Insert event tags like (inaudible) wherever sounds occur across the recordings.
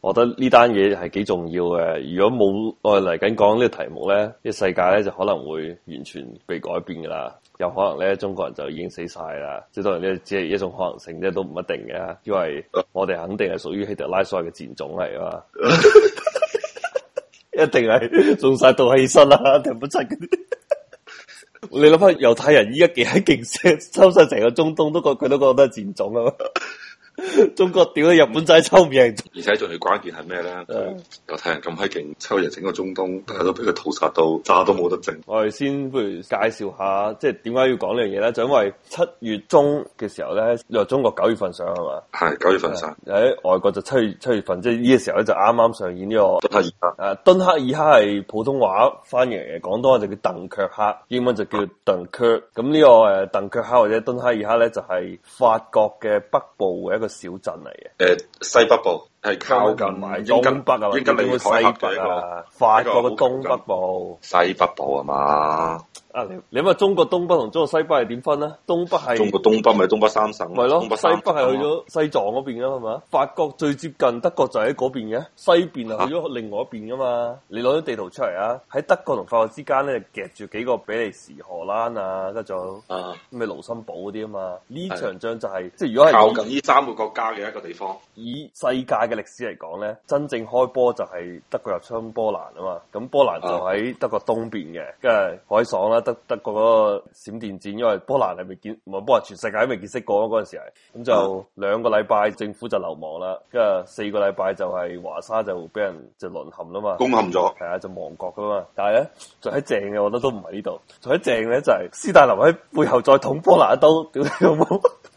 我覺得呢單嘢係幾重要嘅。如果冇我嚟緊講呢個題目咧，呢世界咧就可能會完全被改變噶啦。有可能咧，中國人就已經死晒啦。即係當然呢，只係一種可能性啫，都唔一定嘅。因為我哋肯定係屬於希特拉所謂嘅賤種嚟啊嘛， (laughs) 一定係仲晒到起身啦，停唔出嘅。 (laughs) 你諗翻猶太人依家幾喺勁，聲收晒成個中東，都覺佢都覺得係賤種啊嘛。 (laughs) (laughs) 中國屌日本仔抽唔贏，而且仲要關鍵係咩咧？又睇人咁閪勁抽贏整個中東，大家都俾佢屠殺到渣都冇得剩。 (laughs) 我哋先不如介紹下，即係點解要講呢樣嘢咧？就是，因為七月中嘅時候咧，你話中國九月份上係嘛？係九月份上、喺、呃、外國就七月七月份，即係呢個時候咧就啱啱上演呢，這個敦克爾啊，敦克爾克係普通話翻譯嘅，廣東話就叫鄧卻克，英文就叫鄧卻。咁呢，啊這個誒鄧卻克或者敦克爾克咧，就係、是、法國嘅北部一個。小鎮嚟嘅，誒、啊，西北部。係靠近埋東北啊，或者點樣西北啊？法國嘅東北部、西北部啊嘛。啊，你你話中國東北同中國西北係點分咧？東北係中國東北咪東北三省，咪咯？西北係去咗西藏嗰邊噶嘛？法國最接近德國就喺嗰邊嘅，西邊啊去咗另外一邊噶嘛？你攞啲地圖出嚟啊！喺德國同法國之間咧，夾住幾個比利時、荷蘭啊跟住，咩盧森堡嗰啲啊嘛？呢場仗就係即係如果係靠近呢三個國家嘅一個地方，以世界嘅歷史嚟講咧，真正開波就係德國入侵波蘭啊嘛，咁波蘭就喺德國東邊嘅，跟住海爽啦，德德國嗰個閃電戰，因為波蘭係未見，唔係波蘭全世界都未見識過嗰陣時係，咁就兩個禮拜政府就流亡啦，跟住四個禮拜就係華沙就俾人就淪陷啦嘛，攻陷咗，係啊，就亡國噶嘛，但係咧，就喺正嘅，我覺得都唔係呢度，仲喺正咧就係斯大林喺背後再捅波蘭一刀，屌你老母，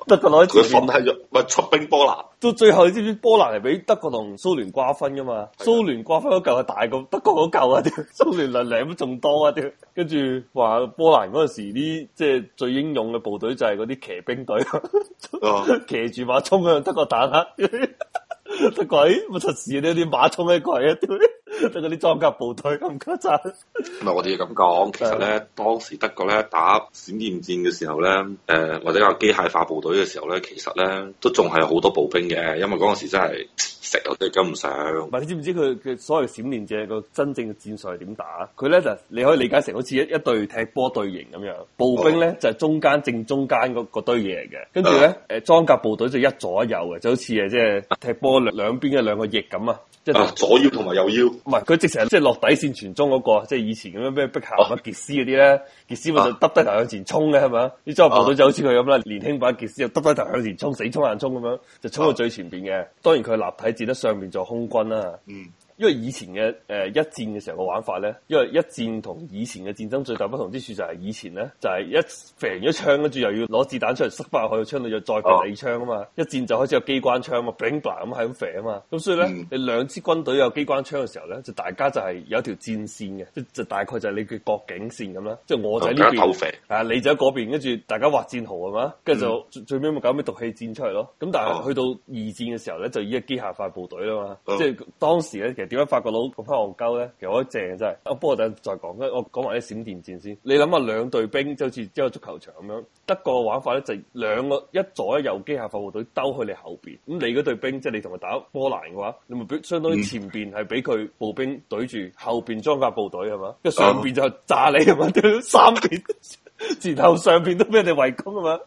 德國攞一佢服係，咪 (laughs) 出兵波蘭？到最後，你知唔知波蘭係俾德國同蘇聯瓜分嘅嘛的蘇分、啊？蘇聯瓜分嗰嚿係大過德國嗰嚿啊！啲蘇聯嚟舐都仲多啊！啲跟住話波蘭嗰陣時啲即係最英勇嘅部隊就係嗰啲騎兵隊， (laughs) 騎住馬衝向德國坦克，得鬼乜出事都啲馬衝咩鬼啊？堆。 (laughs) 即係嗰啲裝甲部隊，咁唔得陣，唔係我哋要咁講。其實咧，當時德國咧打閃電戰嘅時候咧，誒、呃、或者有機械化部隊嘅時候咧，其實咧都仲係好多步兵嘅，因為嗰陣時真係食到都跟唔上。係你 (laughs) 知唔知佢嘅所謂閃電戰個真正嘅戰術係點打？佢咧就你可以理解成好似一一隊踢波隊形咁樣，步兵咧就係、是、中間正中間嗰堆嘢嚟嘅，跟住咧誒裝甲部隊就一左右嘅，就好似誒即係踢波兩兩邊嘅兩個翼咁啊。即係左腰同埋右腰，唔係佢直成即係落底線傳中嗰、那個，即係以前咁樣咩碧咸啊傑斯嗰啲咧，傑斯咪就耷低頭向前衝嘅係咪啊？呢張部隊就好似佢咁啦，年輕版傑斯又耷低頭向前衝，死衝硬衝咁樣，就衝到最前邊嘅。啊、當然佢立體戰得上面做空軍啦、啊。嗯。因為以前嘅誒一戰嘅時候嘅玩法咧，因為一戰同以前嘅戰爭最大不同之處就係以前咧就係一射咗一槍，跟住又要攞子彈出嚟塞爆佢個槍，你就再嚟你槍啊嘛，一戰就開始有機關槍啊嘛 b o o ba 咁係咁射啊嘛，咁所以咧你兩支軍隊有機關槍嘅時候咧，就大家就係有條戰線嘅，即係大概就係你嘅國境線咁啦，即係我就喺呢邊，啊你就喺嗰邊，跟住大家畫戰壕啊嘛，跟住就最尾咪搞咩毒氣戰出嚟咯，咁但係去到二戰嘅時候咧，就已經係機械化部隊啦嘛，即係當時咧其實。點解法國佬咁翻戇鳩咧？其實我真正真係，不過等再講。我講埋啲閃電戰先。你諗下，兩隊兵就好似一個足球場咁樣，德國嘅玩法咧就兩個一左一右機械化部隊兜去你後邊。咁你嗰隊兵即係你同佢打波蘭嘅話，你咪相當於前邊係俾佢步兵懟住，後邊裝甲部隊係嘛，跟上邊就炸你係嘛，三點。 (laughs) 前後上面都俾人哋圍攻啊嘛，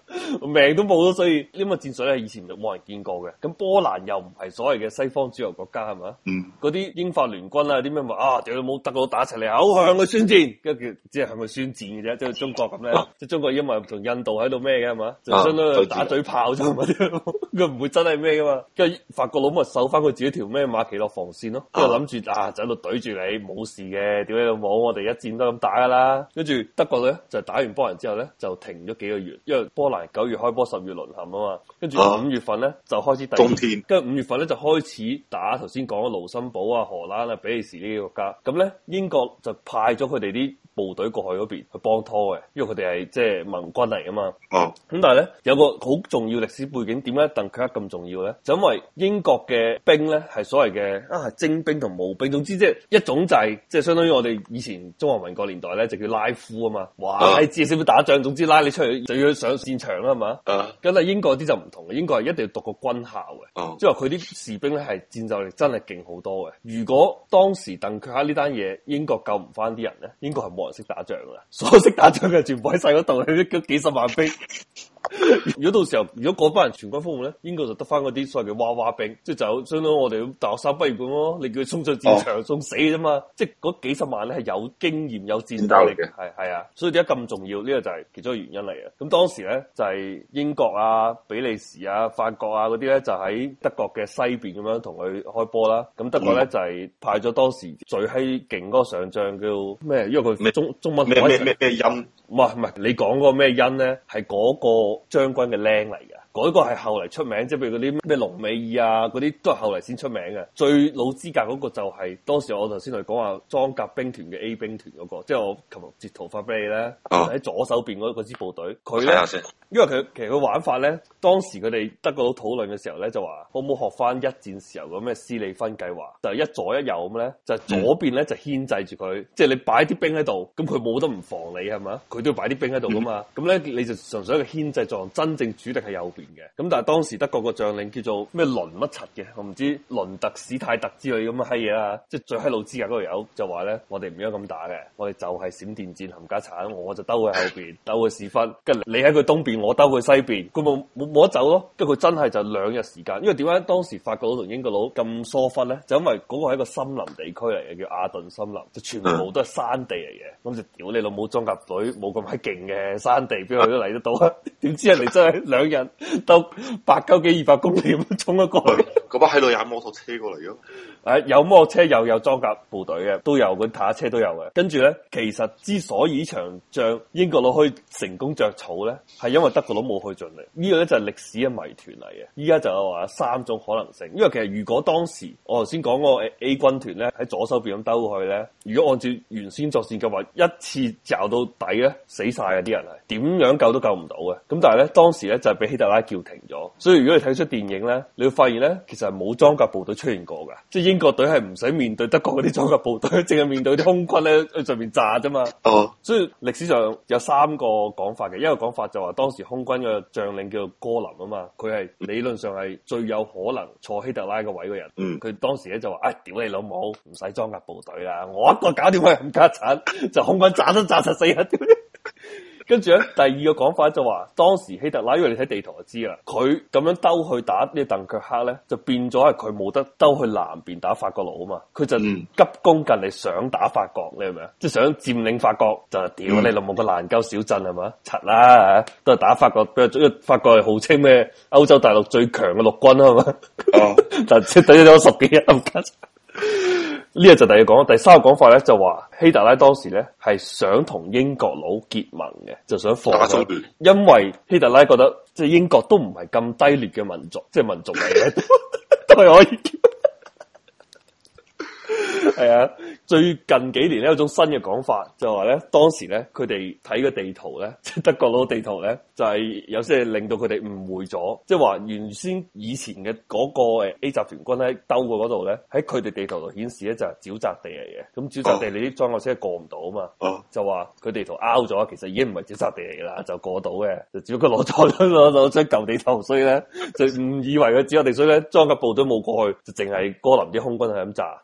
命都冇咗，所以呢個戰術咧以前就冇人見過嘅。咁波蘭又唔係所謂嘅西方主流國家係嘛？嗰啲、嗯、英法聯軍啊，啲咩話啊屌你冇德國打齊嚟口向佢宣戰，跟住只係向佢宣戰嘅啫，即係中國咁咧，即係 (laughs) 中國因為同印度喺度咩嘅係嘛，就相當於打嘴炮啫嘛，佢唔會真係咩噶嘛，跟住法國佬咪守翻佢自己條咩馬其諾防線咯，跟住諗住啊就喺度懟住你冇事嘅，屌你老母，我哋一戰都咁打噶啦，跟住德國咧就是、打完波。之後咧就停咗幾個月，因為波蘭九月開波，十月淪陷啊嘛，跟住五月份咧就開始，冬跟住五月份咧就開始打。頭先講嘅盧森堡啊、荷蘭啊、比利時呢啲國家，咁咧英國就派咗佢哋啲。部隊過去嗰邊去幫拖嘅，因為佢哋係即係盟軍嚟㗎嘛。咁但係咧有個好重要歷史背景，點解鄧克克咁重要咧？就因為英國嘅兵咧係所謂嘅啊精兵同無兵，總之即係一種制，即係相當於我哋以前中華民國年代咧就叫拉夫啊嘛，哇，至少要打仗，總之拉你出去就要上戰場啊嘛。咁啊，英國啲就唔同，英國係一定要讀個軍校嘅，即係話佢啲士兵咧係戰鬥力真係勁好多嘅。如果當時鄧克克呢單嘢，英國救唔翻啲人咧，英國係冇。我識打仗噶啦，所識打仗嘅全部喺晒嗰度，你都幾十萬兵。 (laughs) (laughs) 如果到時候如果嗰班人全軍覆沒咧，英國就得翻嗰啲所謂嘅娃娃兵，即係就相當於我哋大學生畢業咁咯。你叫佢衝上戰場送死啫嘛，哦、即係嗰幾十萬咧係有經驗、有戰鬥力嘅，係係啊。所以點解咁重要？呢、呢個就係其中一個原因嚟嘅。咁當時咧就係、是、英國啊、比利時啊、法國啊嗰啲咧就喺德國嘅西邊咁樣同佢開波啦。咁德國咧、嗯、就係派咗當時最閪勁嗰個上將叫咩？因為佢中、嗯、中，中文咩咩咩音？唔係唔係，你講嗰個咩音咧？係嗰個。將軍嘅靚嚟㗎。嗰個係後嚟出名，即係譬如嗰啲咩隆美爾啊，嗰啲都係後嚟先出名嘅。最老資格嗰個就係、是、當時我頭先同你講話裝甲兵團嘅 A 兵團嗰、那個，即係我琴日截圖發俾你咧，喺、啊、左手邊嗰支部隊，佢咧，啊、因為佢其實佢玩法咧，當時佢哋德國佬討論嘅時候咧，就話，可唔可以學翻一戰時候嘅咩斯利芬計劃？就係、是、一左一右咁咧，就是、左邊咧就牽制住佢，嗯、即係你擺啲兵喺度，咁佢冇得唔防你係嘛？佢都要擺啲兵喺度㗎嘛？咁咧你就純粹一個牽制作用，真正主力係右邊。嘅咁，但係當時德國個將領叫做咩倫乜柒嘅，我唔知倫特史泰特之類咁嘅閪嘢啊，即係最閪老資格嗰個友就話咧，我哋唔應該咁打嘅，我哋就係閃電戰冚家鏟，我就兜佢後邊，兜佢屎忽。跟住你喺佢東邊，我兜佢西邊，佢冇冇冇得走咯。跟住佢真係就兩日時間，因為點解當時法國佬同英國佬咁疏忽咧？就因為嗰個係一個森林地區嚟嘅，叫亞頓森林，就全部都係山地嚟嘅。咁就屌你老母裝甲隊冇咁閪勁嘅山地，邊個都嚟得到啊？點知人哋真係兩日。到 (laughs) 八九幾二百公里咁樣衝咗過去。 (laughs) 嗰班喺度踩摩托車過嚟咯誒、啊，有摩托車又有，有裝甲部隊嘅，都有咁坦克車都有嘅。跟住咧，其實之所以長將英國佬去成功着草咧，係因為德國佬冇去盡力。這個、呢個咧就係、是、歷史嘅謎團嚟嘅。依家就話三種可能性。因為其實如果當時我頭先講個 A 軍團咧喺左手邊咁兜過去咧，如果按照原先作戰嘅話，一次撞到底咧，死晒啊啲人係，點樣救都救唔到嘅。咁但係咧，當時咧就俾、是、希特拉叫停咗。所以如果你睇出電影咧，你會發現咧。其實係冇裝甲部隊出現過嘅，即係英國隊係唔使面對德國嗰啲裝甲部隊，淨係面對啲空軍咧喺上面炸啫嘛。哦，所以歷史上有三個講法嘅，一個講法就話當時空軍嘅將領叫做戈林啊嘛，佢係理論上係最有可能坐希特拉個位嘅人。嗯，佢當時咧就話，哎，屌你老母，唔使裝甲部隊啦，我一個搞掂佢，冚家鏟就空軍炸都炸出死啊！跟住咧，第二個講法就話、是，當時希特拉，因為你睇地圖就知啦，佢咁樣兜去打呢個鄧卻克咧，就變咗係佢冇得兜去南邊打法國佬啊嘛，佢就急攻近嚟想打法國，你明唔明啊？即係想佔領法國，就屌、嗯、你老母個爛鳩小鎮係嘛？柒啦、啊，都係打法國，不過法國係號稱咩歐洲大陸最強嘅陸軍啊嘛，哦、 (laughs) 就即係咗十幾日。呢個就第二講，第三個講法咧就話希特拉當時咧係想同英國佬結盟嘅，就想放，算因為希特拉覺得即係英國都唔係咁低劣嘅民族，即係民族嚟嘅， (laughs) (laughs) 都係可以。係啊，最近幾年咧有一種新嘅講法，就係話咧當時咧佢哋睇個地圖咧，即係德國佬嘅地圖咧，就係、係、有些令到佢哋誤會咗，即係話原先以前嘅嗰個誒 A 集團軍喺兜過嗰度咧，喺佢哋地圖度顯示咧就係沼澤地嚟嘅。咁沼澤地你啲裝甲車過唔到啊嘛，啊就話佢地圖 out 咗，其實已經唔係沼澤地嚟啦，就過到嘅。就只要佢攞咗攞攞張舊地圖，所以咧就誤以為佢沼澤地呢，所以咧裝甲部隊冇過去，就淨係哥林啲空軍係咁炸。